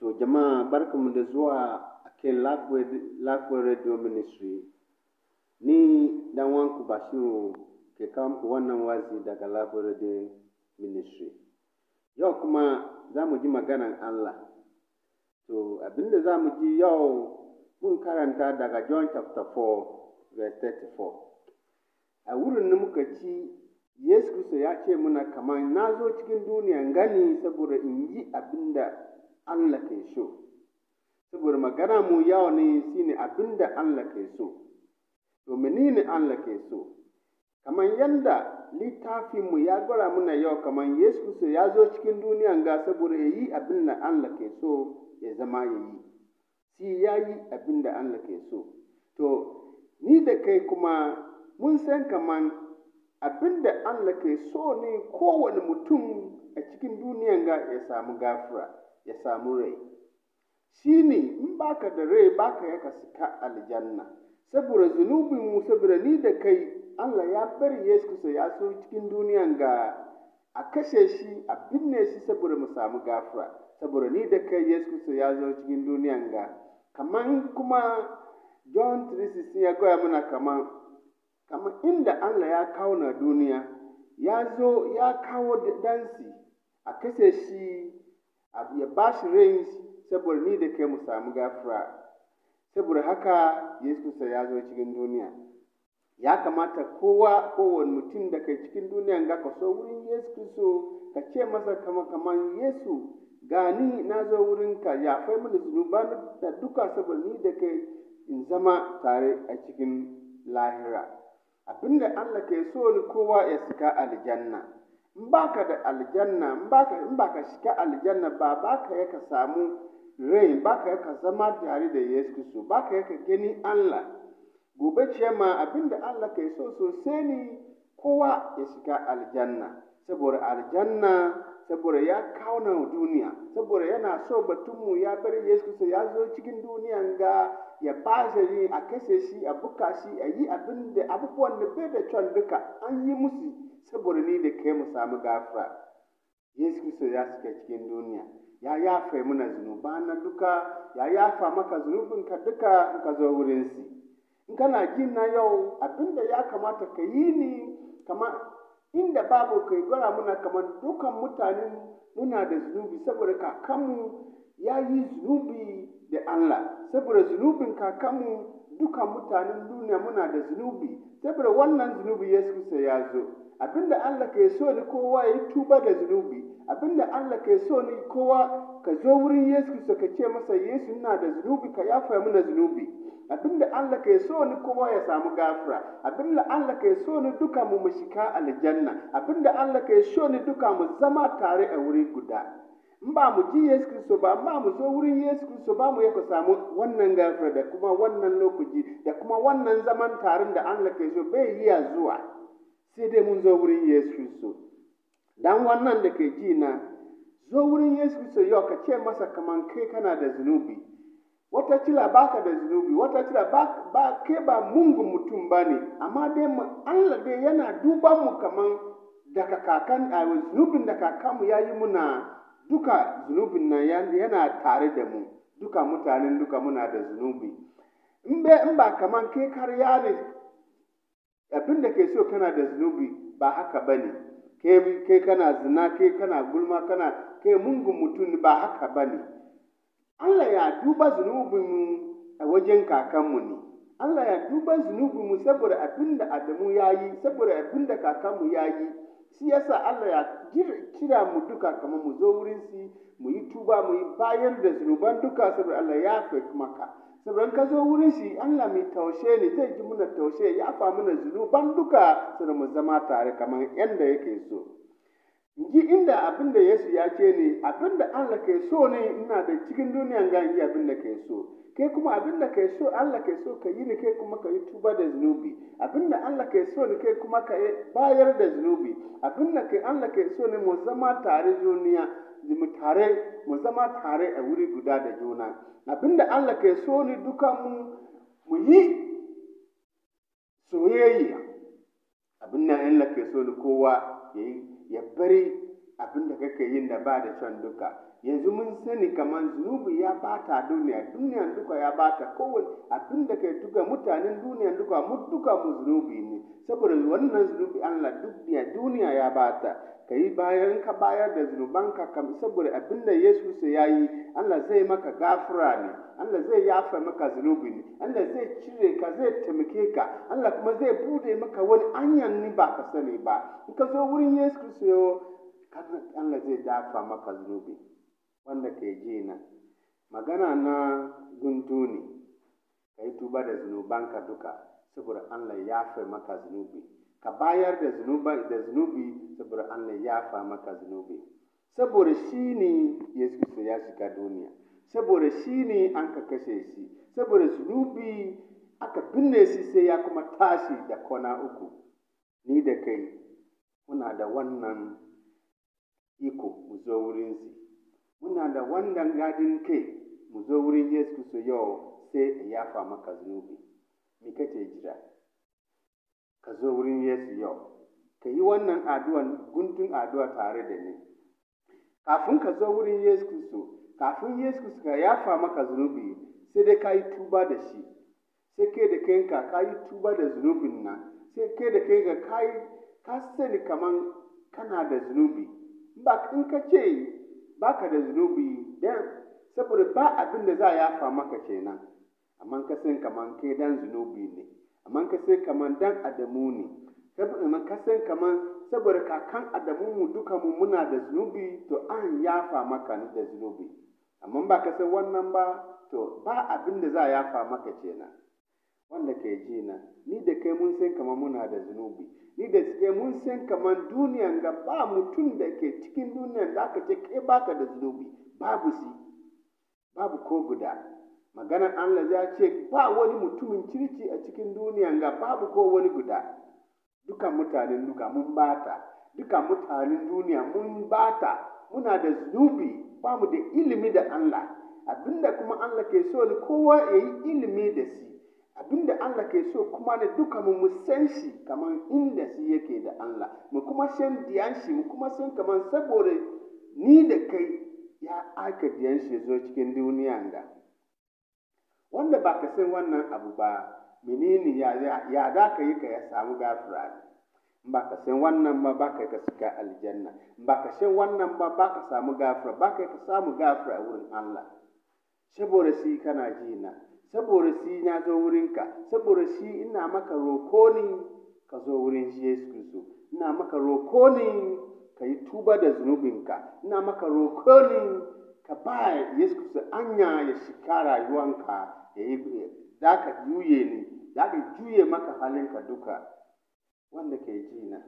To jama'a barkanmu da zuwa a kan Lifeway Radio Ministry. Ni dan wanku Bashiru ke kawo muku wannan wazi daga Lifeway Radio Ministry. Yau kuma za mu ji maganan Allah. To abinda za mu ji yau mun karanta daga John chapter 4 verse 34. A wurin da muka ci Yesu Kristo ya ce muna kamar na zo cikin duniya gani saboda in yi abinda Allah ke so saboda magana mu yawa ne ne abin da Allah ke so to menene Allah ke so kamar yadda littafinmu ya gwara muna yau kamar Yesu Kristo ya zo cikin duniya ga saboda ya yi abin da Allah ke so ya zama ya yi shi ya yi abin da Allah ke so to ni da kai kuma mun san kamar abin da Allah ke so ne kowane mutum a cikin duniyan ga ya samu gafura ya samu rai shi ne in baka da rai baka ya ka sika aljanna saboda zunubin mu saboda ni da kai Allah ya bari Yesu Kristo ya so cikin duniyan ga a kashe shi a binne shi saboda mu samu gafara saboda ni da kai Yesu Kristo ya zo cikin duniyan ga kaman kuma John 3:16 ya goya mana kaman kaman inda Allah ya kawo na duniya ya zo ya kawo dansi a kashe shi ya ba shi rai saboda ni da kai mu samu gafara saboda haka yesu kusa ya zo cikin duniya ya kamata kowa kowane mutum da kai cikin duniyan ga ka so wurin yesu kristo ka ce masa kama kaman yesu gani na zo ka ya fai mini zunuba da duka saboda ni da kai in zama tare a cikin lahira abinda allah ke so ni kowa ya sika aljanna in baka da aljanna in baka in baka shiga aljanna ba baka ya ka samu rain baka ya ka zama tare da Yesu Kristo baka ya ka gani Allah gobe ce ma abinda Allah kai so sosai ne kowa ya shiga aljanna saboda aljanna saboda ya kawo duniya saboda yana so batunmu ya bar yesu kristo ya zo cikin duniya ga ya ba shi a kashe shi a buka shi a yi abin da abubuwan da bai da can duka an yi musu saboda ni da kai mu samu gafara yesu kristo ya suke cikin duniya ya yafe muna zunuba na duka ya yafa maka zunubinka duka in ka zo wurinsu in kana jin na yau abinda ya kamata ka yi ni kama inda babu kai gwara muna kamar dukan mutanen muna da zunubi saboda kakanmu ya yi zunubi da Allah saboda zunubin kakanmu dukan mutanen duniya muna da zunubi saboda wannan zunubi Yesu Kristo ya zo abinda Allah ke so ni kowa ya tuba da zunubi abinda Allah ke so ni kowa ka zo wurin Yesu Kristo ka ce masa Yesu ina da zunubi ka yafa mana zunubi abinda Allah ke so ni kowa ya samu gafara abinda Allah ke so ni duka mu mu aljanna abinda Allah ke so ni duka mu zama tare a wuri guda in ba mu ji Yesu Kristo ba, ba mu zo wurin Yesu Kristo ba mu yaka samu wannan gafara da kuma wannan lokaci da kuma wannan zaman taron da Allah ke so bai yi zuwa sai dai mun zo wurin Yesu Kristo. Dan wannan da ke ji na zo wurin Yesu Kristo yau ka ce masa kaman kai kana da zunubi. Wata ba baka da zunubi, wata ba, ba ke ba mungu mutum ba ne, amma dai Allah dai yana duban mu kaman daga kakan a zunubin da kakanmu ya yi muna duka zunubin nan yana tare da mu duka mutanen duka muna da zunubi in ba kaman kai karya ne abin da ke so kana da zunubi ba haka ba ne kai kana zina kai kana gulma kana kai mungun mutum ba haka ba ne allah ya duba mu a wajen kakanmu ne allah ya duba mu saboda abin da adamu ya yi saboda abin da kakanmu ya yi shi yasa Allah ya kira mu duka kamar mu zo wurin shi mu yi tuba mu yi bayan da zunuban duka saboda Allah ya fi maka saboda ka zo wurin shi Allah mai taushe ne zai ji muna taushe ya fa muna zunuban duka saboda mu zama tare kamar yadda yake so ji inda abin da Yesu ya ce ne abin da Allah ke so ne ina da cikin duniyan ga yi abin da ke so ke kuma abin da ke so Allah ke so ka yi ne ke kuma ka yi tuba da zunubi abin da Allah ke so ne ke kuma ka yi bayar da zunubi abin da ke Allah ke so ne mu zama tare duniya mu tare mu zama tare a wuri guda da juna abin da Allah ke so ne duka mu mu yi soyayya abin da Allah ke so ne kowa ya yi ya bari abin da kake yin na ba da son duka yanzu mun sani kamar zunubi ya bata duniya duniya duka ya bata kowane abin da kai duka mutanen duniya duka mu duka mu zunubi ne saboda wannan zunubi Allah duniya duniya ya bata ka yi bayan ka bayar da zunubanka kam saboda abin da Yesu sai yayi Allah zai maka gafura ne Allah zai yafa maka zunubi ne Allah zai cire ka zai taimake ka Allah kuma zai bude maka wani anyan ni ba ka sani ba in ka zo wurin Yesu sai Allah zai dafa maka zunubi kake magana na guntu ne ka yi tuba da zunubanka duka saboda Allah ya fi maka zunubi ka bayar da zunubi da saboda Allah ya fa maka zunubi saboda shi ne Yesu Kristo ya shiga duniya saboda shi ne an ka kashe shi saboda zunubi aka binne shi sai ya kuma tashi da kwana uku ni da kai muna da wannan iko mu zo wurin shi muna da wannan gadin kai mu zo wurin Yesu Kristo yau sai a yafa maka zunubi me kake jira ka zo wurin Yesu yau ka yi wannan addu'a guntun addu'a tare da ni kafin ka zo wurin Yesu Kristo kafin Yesu Kristo ka yafa maka zunubi sai dai ka yi tuba da shi sai kai da kanka ka yi tuba da zunubin nan sai kai da kanka ka yi ka sani kaman kana da zunubi ba in ka ce ba ka da zunubi dan saboda ba abin da za a yafa maka kenan amma ka san kaman kai dan zunubi ne amma ka san kaman dan adamu ne saboda ka san kaman saboda kakan adamu mu duka mu muna da zunubi to an yafa maka ne da zunubi amma ba ka san wannan ba to ba abin da za a yafa maka kenan wanda ke ji na ni da kai mun san kaman muna da zunubi ni da suke mun san kamar duniyan ga ba mutum da ke cikin duniyan da aka ce ke baka da zunubi babu si babu ko guda maganar Allah ya ce ba wani mutumin kirki a cikin duniyan ga babu ko wani guda dukan mutanen duka mun bata dukan mutanen duniya mun bata muna da zunubi ba mu da ilimi da Allah abinda kuma Allah ke so ni kowa ya yi ilimi da si. da Allah ke so kuma ne duka mu san shi kamar inda shi yake da Allah mu kuma san diyan shi mu kuma san kamar saboda ni da kai ya aka diyan shi zo cikin duniya da wanda ba ka san wannan abu ba menene ya ya da ka yi ka ya samu gafara ba ka san wannan ba ba ka ka shiga aljanna ba ka san wannan ba ba ka samu gafara ba ka ka samu gafara wurin Allah saboda shi kana ji na saboda shi na zo wurinka saboda shi ina maka roko ne ka zo wurin shi Yesu Kristo ina maka roko ne ka yi tuba da zunubinka ina maka roko ne ka ba Yesu Kristo anya ya shika rayuwanka ya yi za ka juye ni za ka juye maka halinka duka wanda ke ji na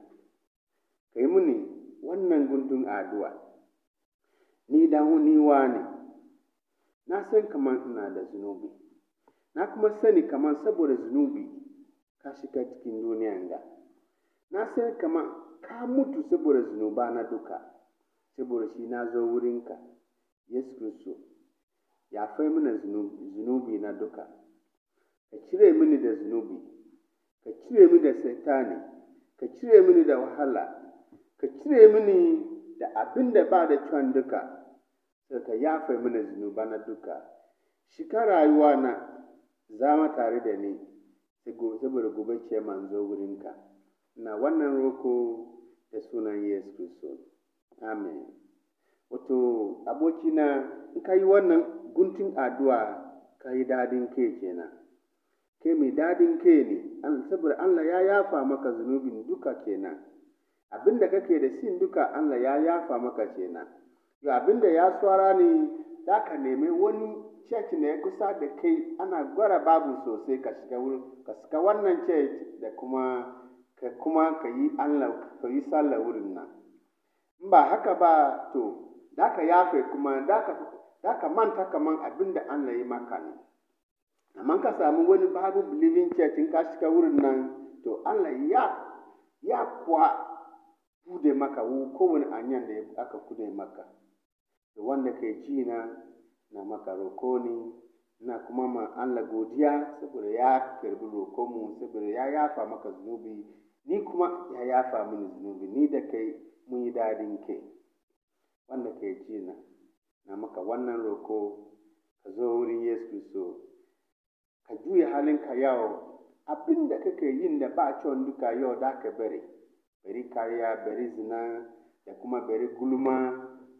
ka yi muni wannan gundun addu'a ni dan ni ne na san kamar ina da zunubi na kuma sani kaman saboda zunubi ka shiga cikin duniyan ga na sani kaman ka mutu saboda zunuba na duka saboda shi na zo wurinka yesu kristo ya fai mana zunubi na duka ka cire mini da zunubi ka cire mini da satani ka cire mini da wahala ka cire mini da abin da ba da can duka sai ka yafe mini zunuba na duka shika rayuwa na zama tare da ni saboda gobe kiyama in zo wurinka na wannan roko da sunan yesu kristo amen wato abokina in ka yi wannan guntun addu'a ka yi dadin ke kenan ke mai dadin ke ne saboda allah ya yafa maka zunubin duka kenan abinda da kake da sin duka allah ya yafa maka kenan yau abin da ya tsara ne za ka nemi wani church ne kusa da kai ana gwara babu sosai ka shiga wurin ka shiga wannan church da kuma ka kuma ka yi Allah ka yi sallah wurin nan in ba haka ba to da ka yafe kuma da ka da ka manta kaman abin da Allah ya maka ne amma ka samu wani babu believing church in ka shiga wurin nan to Allah ya ya kuwa kude maka ko wani anyan da aka kude maka to wanda kai ji na na maka roko ne ina kuma ma Allah godiya saboda ya karbi rokonmu saboda ya yafa maka zunubi ni kuma ya yafa mini zunubi ni da kai mun yi dadin kai wanda kai ji na na maka wannan roko ka zo wurin Yesu Kristo ka juya halinka yau abin da kake yin da ba kyon duka yau da ka bari bari kariya bari zina da kuma bari gulma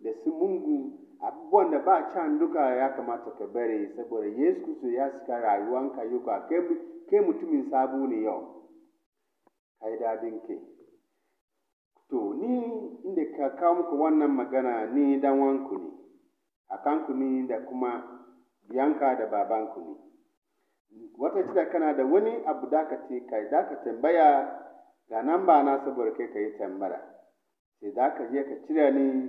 da su mungu abubuwan da ba can duka ya kamata ka bari saboda yesu kristo ya sika yi yuka ke mutumin sabu ne yau kai dadin ke to ni inda ka kawo muku wannan magana ni dan wanku ne akanku ne da kuma biyanka da babanku ne wata cika kana da wani abu da ka ce kai da ka tambaya ga nan ba na saboda kai ka yi tambara sai da ka je ka cire ni